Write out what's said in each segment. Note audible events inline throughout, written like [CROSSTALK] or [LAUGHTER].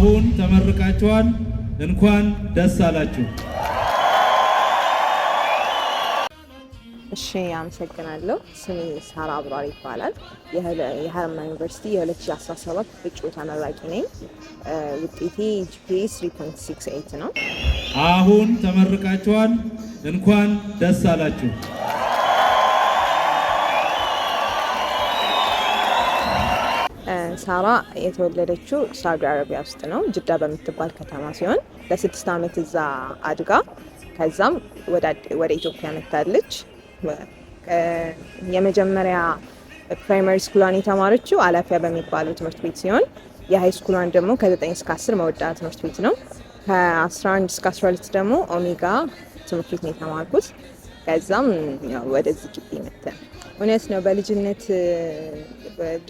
አሁን ተመርቃችኋል። እንኳን ደስ አላችሁ። እሺ፣ አመሰግናለሁ። ስሜ ሳራ አብራር ይባላል። የሀረማያ ዩኒቨርሲቲ የ2017 እጩ ተመራቂ ነኝ። ውጤቴ ጂፒኤ 3.68 ነው። አሁን ተመርቃችኋል። እንኳን ደስ አላችሁ። ሳራ የተወለደችው ሳውዲ አረቢያ ውስጥ ነው፣ ጅዳ በምትባል ከተማ ሲሆን ለስድስት ዓመት እዛ አድጋ ከዛም ወደ ኢትዮጵያ መታለች። የመጀመሪያ ፕራይመሪ ስኩሏን የተማረችው አላፊያ በሚባለው ትምህርት ቤት ሲሆን የሀይ ስኩሏን ደግሞ ከ9 እስከ 10 መወዳ ትምህርት ቤት ነው። ከ11 እስከ 12 ደግሞ ኦሜጋ ትምህርት ቤት ነው የተማርኩት። ከዛም ወደዚህ ግቢ መተን እውነት ነው። በልጅነት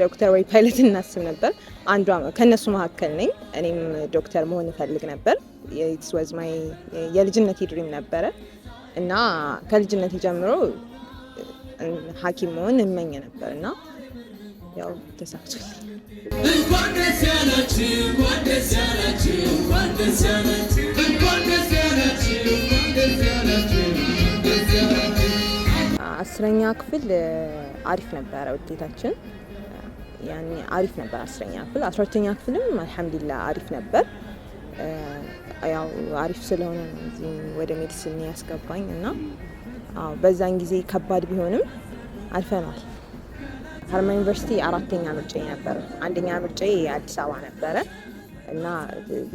ዶክተር ወይ ፓይለት እናስብ ነበር። አንዷ ከእነሱ መካከል ነኝ። እኔም ዶክተር መሆን እፈልግ ነበር። ኢትስ ዋዝ ማይ የልጅነት ድሪም ነበረ እና ከልጅነት ጀምሮ ሐኪም መሆን እመኝ ነበር እና ያው ተሳክቷል። እንኳን ደስ ያላችሁ! እንኳን ደስ ያላችሁ! እንኳን ደስ ያላችሁ! አስረኛ ክፍል አሪፍ ነበረ ውጤታችን፣ ያኔ አሪፍ ነበር አስረኛ ክፍል። አስራ ሁለተኛ ክፍልም አልሐምዱሊላ አሪፍ ነበር። ያው አሪፍ ስለሆነ ወደ ሜዲሲን ያስገባኝ እና በዛን ጊዜ ከባድ ቢሆንም አልፈናል። ሀርማ ዩኒቨርሲቲ አራተኛ ምርጬ ነበር አንደኛ ምርጬ አዲስ አበባ ነበረ እና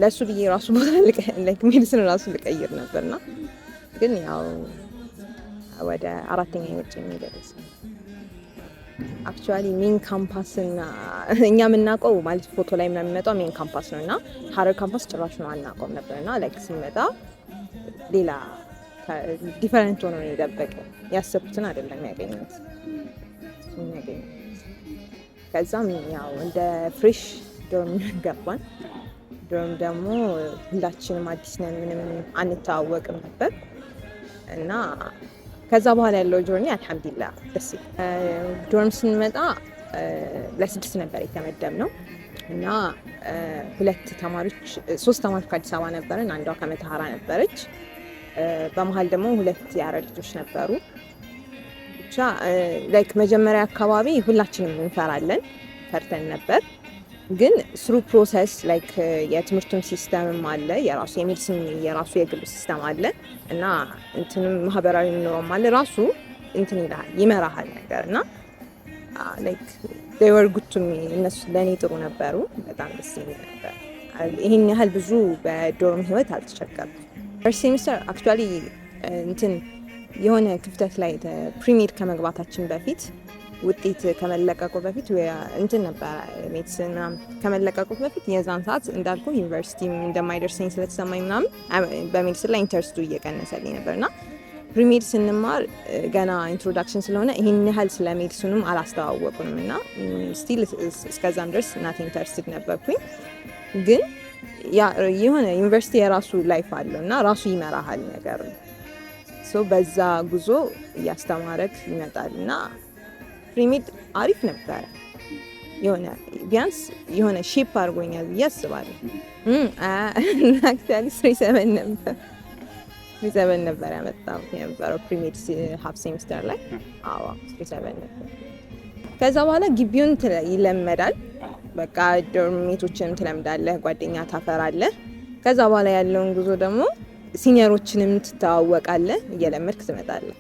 ለእሱ ብዬ ራሱ ቦታ ሜዲሲን ራሱ ልቀይር ነበርና ግን ያው ወደ አራተኛ ወጭ የሚደርስ አክቹዋሊ ሜን ካምፓስ እና እኛ የምናውቀው ማለት ፎቶ ላይ የሚመጣው ሜን ካምፓስ ነው እና ሀረር ካምፓስ ጭራሽ ነው አናውቀውም ነበር እና ላይክ ሲመጣ ሌላ ዲፈረንት ሆኖ ነው የጠበቀ ያሰብኩትን አይደለም ያገኘት ያገኘት ከዛም ያው እንደ ፍሬሽ ዶርም ገባን። ዶርም ደግሞ ሁላችንም አዲስ ነን፣ ምንም አንተዋወቅም ነበር እና ከዛ በኋላ ያለው ጆርኒ አልሐምዲላ ደስ ዶርም ስንመጣ ለስድስት ነበር የተመደብ ነው እና ሁለት ተማሪዎች ሶስት ተማሪዎች ከአዲስ አበባ ነበርን። አንዷ ከመተሃራ ነበረች። በመሀል ደግሞ ሁለት የአረ ልጆች ነበሩ። ብቻ ላይክ መጀመሪያ አካባቢ ሁላችንም እንፈራለን፣ ፈርተን ነበር ግን ስሩ ፕሮሰስ ላይክ የትምህርቱን ሲስተምም አለ የራሱ የሜዲሲን የራሱ የግል ሲስተም አለ እና እንትንም ማህበራዊ ኑሮም አለ ራሱ እንትን ይልሃል ይመራሃል ነገር እና ላይክ ወር እነሱ ለእኔ ጥሩ ነበሩ። በጣም ደስ የሚል ነበር። ይህን ያህል ብዙ በዶርም ህይወት አልተቸገርኩም። ፈርስት ሴሚስተር አክቹዋሊ እንትን የሆነ ክፍተት ላይ ፕሪሜድ ከመግባታችን በፊት ውጤት ከመለቀቁ በፊት እንትን ነበረ ሜዲሲን ከመለቀቁ በፊት የዛን ሰዓት እንዳልኩ ዩኒቨርሲቲ እንደማይደርሰኝ ስለተሰማኝ ምናምን በሜዲሲን ላይ ኢንተርስቱ እየቀነሰልኝ ነበር እና ፕሪሜድ ስንማር ገና ኢንትሮዳክሽን ስለሆነ ይህን ያህል ስለ ሜዲሲኑም አላስተዋወቁንም እና ስቲል እስከዛም ድረስ እናት ኢንተርስትድ ነበርኩኝ ግን የሆነ ዩኒቨርሲቲ የራሱ ላይፍ አለው እና ራሱ ይመራሃል ነገር ሶ በዛ ጉዞ እያስተማረክ ይመጣል እና ሪሚድ አሪፍ ነበረ። የሆነ ቢያንስ የሆነ ሼፕ አድርጎኛል ብዬ አስባለሁ። አክቹዋሊ ስሪ ሰቨን ነበር ስሪ ሰቨን ነበር ያመጣው የነበረው ፕሪሜድ ሀፍ ሴሚስተር ላይ አዎ ስሪ ሰቨን ነበር። ከዛ በኋላ ግቢውን ይለመዳል። በቃ ዶርሜቶችንም ትለምዳለህ፣ ጓደኛ ታፈራለህ። ከዛ በኋላ ያለውን ጉዞ ደግሞ ሲኒየሮችንም ትተዋወቃለህ፣ እየለመድክ ትመጣለህ።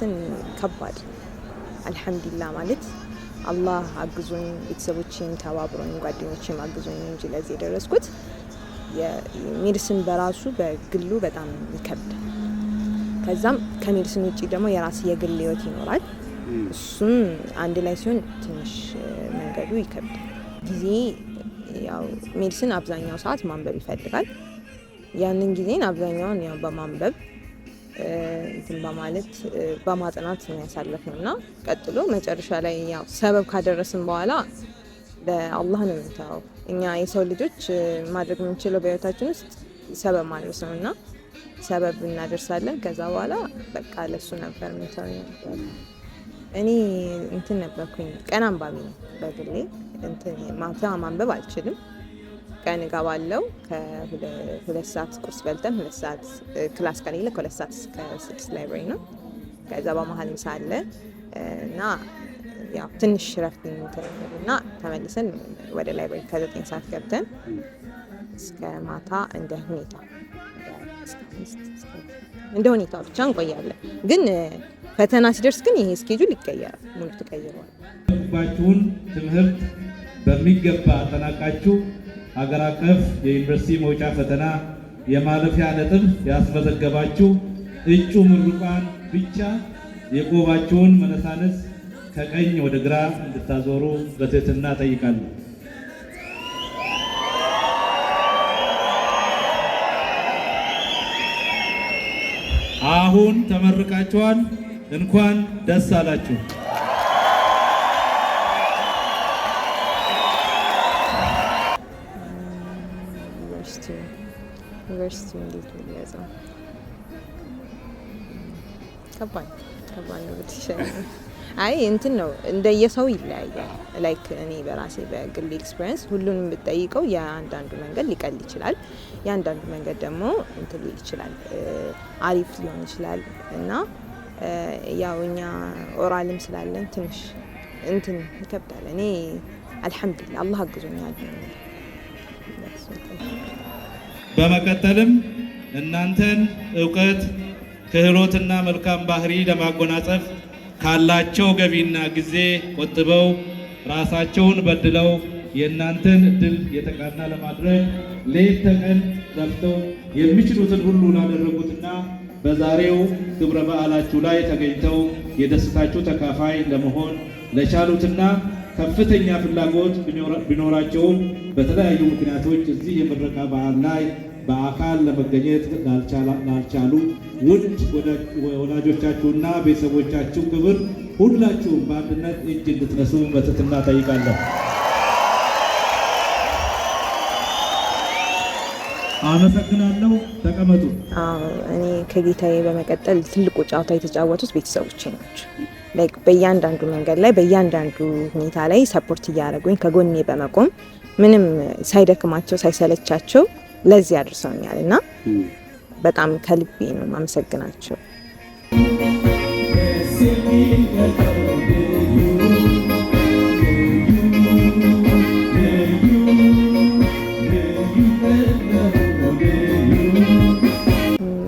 ግን ከባድ አልሐምዱሊላ ማለት አላህ አግዞኝ ቤተሰቦችም ተባብሮኝ ጓደኞቼም አግዞኝ እንጂ ለዚህ የደረስኩት። ሜዲሲን በራሱ በግሉ በጣም ይከብዳል። ከዛም ከሜድስን ውጭ ደግሞ የራስ የግል ህይወት ይኖራል። እሱም አንድ ላይ ሲሆን ትንሽ መንገዱ ይከብዳል። ጊዜ ያው ሜዲሲን አብዛኛው ሰዓት ማንበብ ይፈልጋል። ያንን ጊዜን አብዛኛውን ያው በማንበብ እንትን በማለት በማጥናት ነው ያሳለፍነው እና ቀጥሎ መጨረሻ ላይ ያው ሰበብ ካደረስን በኋላ ለአላህ ነው የምንተው። እኛ የሰው ልጆች ማድረግ የምንችለው በህይወታችን ውስጥ ሰበብ ማድረስ ነው እና ሰበብ እናደርሳለን። ከዛ በኋላ በቃ ለሱ ነበር ምንተው ነበር። እኔ እንትን ነበርኩኝ ቀን አንባቢ ነው በግሌ። ማታ ማንበብ አልችልም ቀን እገባለሁ። ከሁለት ሰዓት ቁርስ በልተን ሁለት ሰዓት ክላስ ከሌለ ከሁለት ሰዓት እስከ ስድስት ላይብራሪ ነው። ከዛ በመሀል ምሳ አለ እና ያው ትንሽ ረፍት እና ተመልሰን ወደ ላይብራሪ ከዘጠኝ ሰዓት ገብተን እስከ ማታ እንደ ሁኔታ እንደ ሁኔታ ብቻ እንቆያለን። ግን ፈተና ሲደርስ ግን ይሄ እስኬጁል ይቀየራል፣ ሙሉ ተቀይረዋል። ባችሁን ትምህርት በሚገባ አጠናቃችሁ ሀገር አቀፍ የዩኒቨርሲቲ መውጫ ፈተና የማለፊያ ነጥብ ያስመዘገባችሁ እጩ ምሩቃን ብቻ የቆባችሁን መነሳነስ ከቀኝ ወደ ግራ እንድታዞሩ በትህትና ጠይቃለሁ። አሁን ተመርቃችኋል። እንኳን ደስ አላችሁ። ዩኒቨርሲቲ እንዴት ነው የሚያዘው? ከባድ ከባድ ነው። አይ እንትን ነው እንደየሰው ይለያያል። ላይክ እኔ በራሴ በግል ኤክስፔሪንስ ሁሉንም ብጠይቀው የአንዳንዱ መንገድ ሊቀል ይችላል፣ የአንዳንዱ መንገድ ደግሞ እንትን ሊል ይችላል፣ አሪፍ ሊሆን ይችላል። እና ያው እኛ ኦራልም ስላለን ትንሽ እንትን ይከብዳል። እኔ አልሐምዱሊላ አላህ አግዞኛል። በመቀጠልም እናንተን እውቀት ክህሎትና መልካም ባህሪ ለማጎናጸፍ ካላቸው ገቢና ጊዜ ቆጥበው ራሳቸውን በድለው የእናንተን እድል የተቃና ለማድረግ ሌት ተቀን ገብተው የሚችሉትን ሁሉ ላደረጉትና በዛሬው ክብረ በዓላችሁ ላይ ተገኝተው የደስታችሁ ተካፋይ ለመሆን ለቻሉትና ከፍተኛ ፍላጎት ቢኖራቸውም በተለያዩ ምክንያቶች እዚህ የምረቃ በዓል ላይ በአካል ለመገኘት ላልቻሉ ውድ ወዳጆቻችሁና ቤተሰቦቻችሁ ክብር ሁላችሁም በአንድነት እጅ እንድትነሱ በትህትና እጠይቃለሁ። አመሰግናለሁ። ተቀመጡ። እኔ ከጌታዬ በመቀጠል ትልቁ ጨዋታ የተጫወቱት ቤተሰቦቼ ናቸው። ላይክ በእያንዳንዱ መንገድ ላይ በእያንዳንዱ ሁኔታ ላይ ሰፖርት እያደረጉኝ ከጎኔ በመቆም ምንም ሳይደክማቸው ሳይሰለቻቸው ለዚህ አድርሰውኛል እና በጣም ከልቤ ነው ማመሰግናቸው።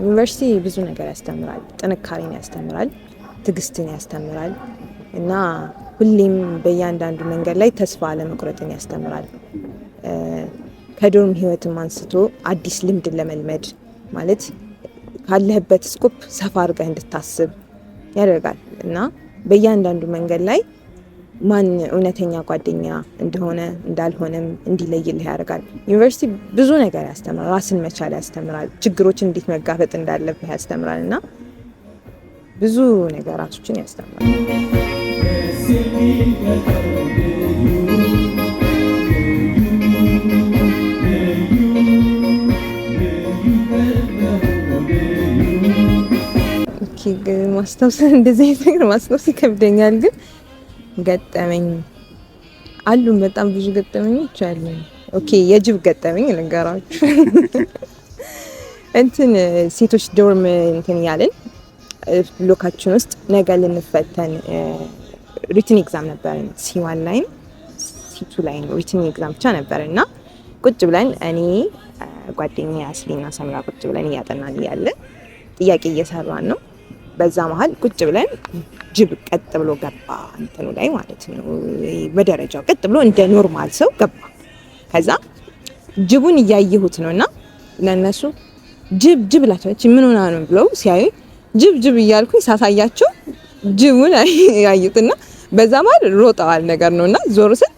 ዩኒቨርሲቲ ብዙ ነገር ያስተምራል፣ ጥንካሬን ያስተምራል። ትግስትን ያስተምራል እና ሁሌም በእያንዳንዱ መንገድ ላይ ተስፋ አለመቁረጥን ያስተምራል። ከዶርም ህይወትም አንስቶ አዲስ ልምድን ለመልመድ ማለት ካለህበት ስኮፕ ሰፋ አድርገህ እንድታስብ ያደርጋል እና በእያንዳንዱ መንገድ ላይ ማን እውነተኛ ጓደኛ እንደሆነ እንዳልሆነም እንዲለይልህ ያደርጋል። ዩኒቨርሲቲ ብዙ ነገር ያስተምራል። ራስን መቻል ያስተምራል። ችግሮችን እንዴት መጋፈጥ እንዳለብህ ያስተምራል እና ብዙ ነገራቶችን ያስተምራል። ማስታወስ [LAUGHS] እንደዚህ አይነት ነገር ማስታወስ ይከብደኛል፣ ግን ገጠመኝ አሉም በጣም ብዙ ገጠመኞች አሉ። ኦኬ የጅብ ገጠመኝ ልንገራችሁ። [LAUGHS] እንትን ሴቶች ዶርም እንትን እያለን ብሎካችን ውስጥ ነገ ልንፈተን ሪትን ኤግዛም ነበረን። ሲዋን ላይም ሲቱ ላይ ሪትን ኤግዛም ብቻ ነበር እና ቁጭ ብለን እኔ ጓደኛ አስሊና ሰምራ ቁጭ ብለን እያጠናን እያለ ጥያቄ እየሰራን ነው። በዛ መሀል ቁጭ ብለን ጅብ ቀጥ ብሎ ገባ እንትኑ ላይ ማለት ነው፣ በደረጃው ቀጥ ብሎ እንደ ኖርማል ሰው ገባ። ከዛ ጅቡን እያየሁት ነው እና ለእነሱ ጅብ ጅብ ላቸው ምን ሆና ነው ብለው ሲያዩ ጅብ ጅብ እያልኩኝ ሳሳያቸው ጅቡን ያዩትና [LAUGHS] በዛ ማለት ሮጠዋል ነገር ነውና ዞር ስል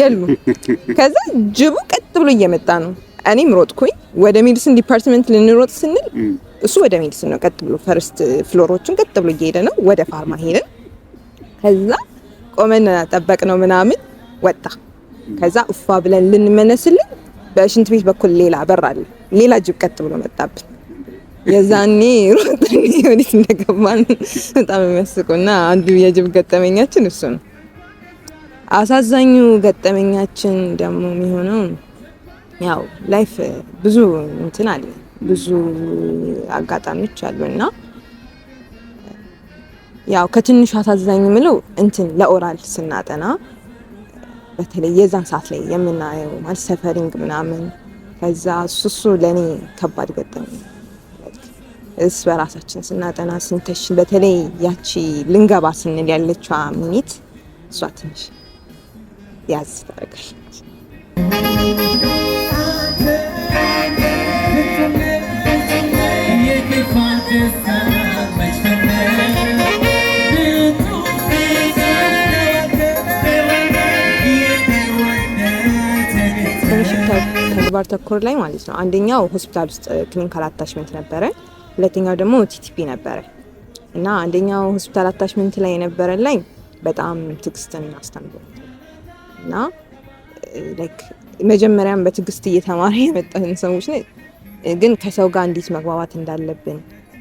የሉ። [LAUGHS] ከዛ ጅቡ ቀጥ ብሎ እየመጣ ነው። እኔም ሮጥኩኝ ወደ ሜዲሲን ዲፓርትመንት ልንሮጥ ስንል እሱ ወደ ሜዲሲን ነው ቀጥ ብሎ ፈርስት ፍሎሮችን ቀጥ ብሎ እየሄደ ነው። ወደ ፋርማ ሄደን ከዛ ቆመን ጠበቅ ነው ምናምን ወጣ። ከዛ እፋ ብለን ልንመነስልን በሽንት ቤት በኩል ሌላ በር አለ። ሌላ ጅብ ቀጥ ብሎ መጣብን። የዛኔ ሮጠን ወዴት እንደገባን በጣም የሚያስቁና አንዱ የጅብ ገጠመኛችን እሱ ነው። አሳዛኙ ገጠመኛችን ደግሞ የሚሆነው ያው ላይፍ ብዙ እንትን አለ ብዙ አጋጣሚዎች አሉ እና ያው ከትንሹ አሳዛኝ ምለው እንትን ለኦራል ስናጠና በተለይ የዛን ሰዓት ላይ የምናየው ማለት ሰፈሪንግ ምናምን ከዛ እሱ እሱ ለእኔ ከባድ ገጠመኝ እስ በራሳችን ስናጠና ስንተሽ በተለይ ያቺ ልንገባ ስንል ያለችዋ ሚኒት እሷ ትንሽ ያዝ ታደርጋለች። ተግባር ተኮር ላይ ማለት ነው። አንደኛው ሆስፒታል ውስጥ ክሊኒካል አታችመንት ነበረ። ሁለተኛው ደግሞ ቲቲፒ ነበረ እና አንደኛው ሆስፒታል አታችመንት ላይ የነበረላኝ ላይ በጣም ትግስትን አስተምሮ እና መጀመሪያም በትግስት እየተማረ የመጣን ሰዎች ግን ከሰው ጋር እንዴት መግባባት እንዳለብን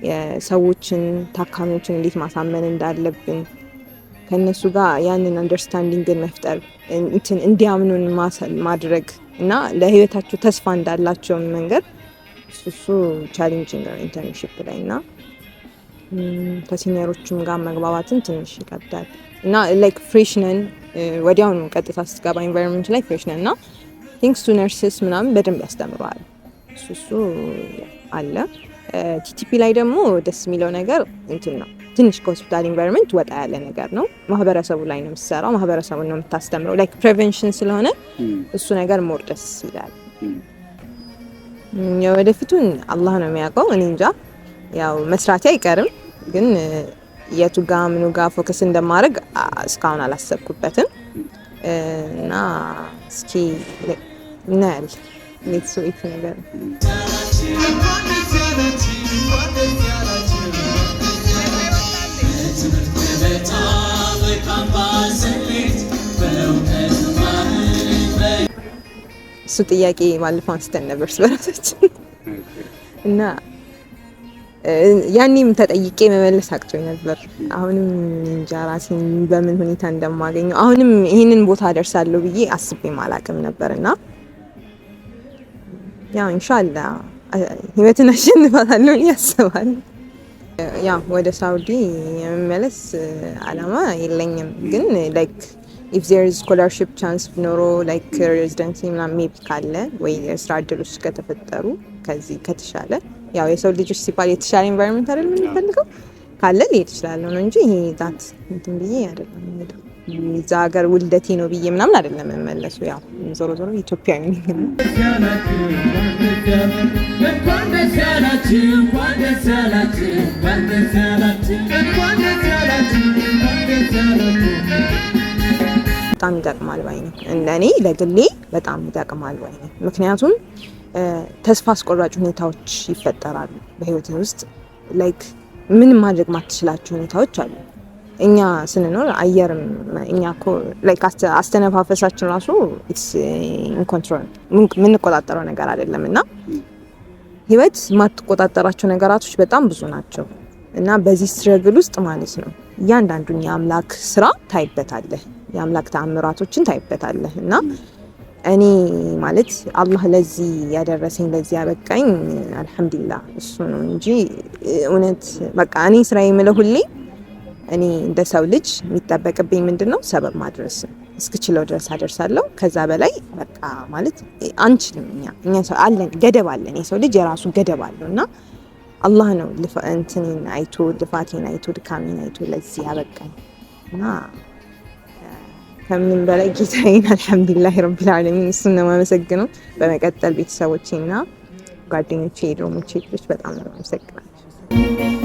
የሰዎችን ታካሚዎችን እንዴት ማሳመን እንዳለብን ከእነሱ ጋር ያንን አንደርስታንዲንግን መፍጠር እንትን እንዲያምኑን ማድረግ እና ለህይወታቸው ተስፋ እንዳላቸውን መንገድ እሱ ቻሌንጂንግ ነው ኢንተርንሽፕ ላይ እና ከሲኒየሮችም ጋር መግባባትን ትንሽ ይከብዳል እና ላይክ ፍሬሽነን ወዲያውኑ ቀጥታ ስትገባ ኢንቫይሮንመንት ላይ ፍሬሽነን እና ቲንክስ ቱ ነርስስ ምናምን በደንብ ያስተምረዋል። እሱ እሱ አለ። ቲቲፒ ላይ ደግሞ ደስ የሚለው ነገር እንትን ነው ትንሽ ከሆስፒታል ኢንቫይሮንመንት ወጣ ያለ ነገር ነው። ማህበረሰቡ ላይ ነው የምትሰራው፣ ማህበረሰቡን ነው የምታስተምረው። ላይክ ፕሬቨንሽን ስለሆነ እሱ ነገር ሞር ደስ ይላል። የወደፊቱን አላህ ነው የሚያውቀው። እኔ እንጃ ያው መስራቴ አይቀርም ግን የቱ ጋ ምኑ ጋ ፎከስ እንደማድረግ እስካሁን አላሰብኩበትም እና እስኪ እናያለን። ቤተሰቤት ነገር እሱ ጥያቄ ማለፈው አንስተን ነበር ስለራሳችን እና ያኔም ተጠይቄ መመለስ አቅቶኝ ነበር። አሁንም እንጃ ራሴን በምን ሁኔታ እንደማገኘው አሁንም ይህንን ቦታ ደርሳለሁ ብዬ አስቤም አላቅም ነበር እና ያው ኢንሻአላ ህይወትን አሸንፋታለሁ ብዬ ያ ወደ ሳውዲ የመመለስ አላማ የለኝም ግን ላይክ ኢፍ ዜር ስኮላርሽፕ ቻንስ ኖሮ ላይክ ሬዚደንሲ ምናምን ሜቢ ካለ ወይ የስራ እድሎች ከተፈጠሩ ከዚህ ከተሻለ ያው የሰው ልጆች ሲባል የተሻለ ኤንቫይሮንመንት አይደል የምንፈልገው ካለ ሊሄድ ይችላለሁ ነው እንጂ ይሄ ዛት እንትን ብዬ አይደለም እዛ ሀገር ውልደቴ ነው ብዬ ምናምን አይደለም የምመለሱ። ያው ዞሮ ዞሮ ኢትዮጵያዊ ነው። በጣም ይጠቅማል ባይ ነው። ለእኔ ለግሌ በጣም ይጠቅማል ባይ ነው። ምክንያቱም ተስፋ አስቆራጭ ሁኔታዎች ይፈጠራሉ በህይወት ውስጥ ላይክ ምንም ማድረግ ማትችላቸው ሁኔታዎች አሉ። እኛ ስንኖር አየርም እኛ ላይክ አስተነፋፈሳችን ራሱ ኢንኮንትሮል የምንቆጣጠረው ነገር አይደለም እና ህይወት የማትቆጣጠራቸው ነገራቶች በጣም ብዙ ናቸው እና በዚህ ስትረግል ውስጥ ማለት ነው እያንዳንዱን የአምላክ ስራ ታይበታለህ። የአምላክ ተአምራቶችን ታይበታለህ እና እኔ ማለት አላህ ለዚህ ያደረሰኝ ለዚህ ያበቃኝ አልሐምዱሊላህ እሱ ነው እንጂ እውነት በቃ እኔ ስራ የምለው ሁሌ እኔ እንደ ሰው ልጅ የሚጠበቅብኝ ምንድን ነው ሰበብ ማድረስ እስክችለው ድረስ አደርሳለሁ። ከዛ በላይ በቃ ማለት አንችልም። እኛ እኛ ሰው አለን ገደብ አለን። የሰው ልጅ የራሱ ገደብ አለው እና አላህ ነው እንትኔን አይቶ ልፋቴን አይቶ ድካሜን አይቶ ለዚህ ያበቃኝ እና ከምንም በላይ ጌታዬን አልሐምዱሊላህ ረቢል ዓለሚን እሱን ነው የማመሰግነው። በመቀጠል ቤተሰቦቼና ጓደኞቼ ድሮሞቼ ልጆች በጣም ነው የማመሰግናቸው።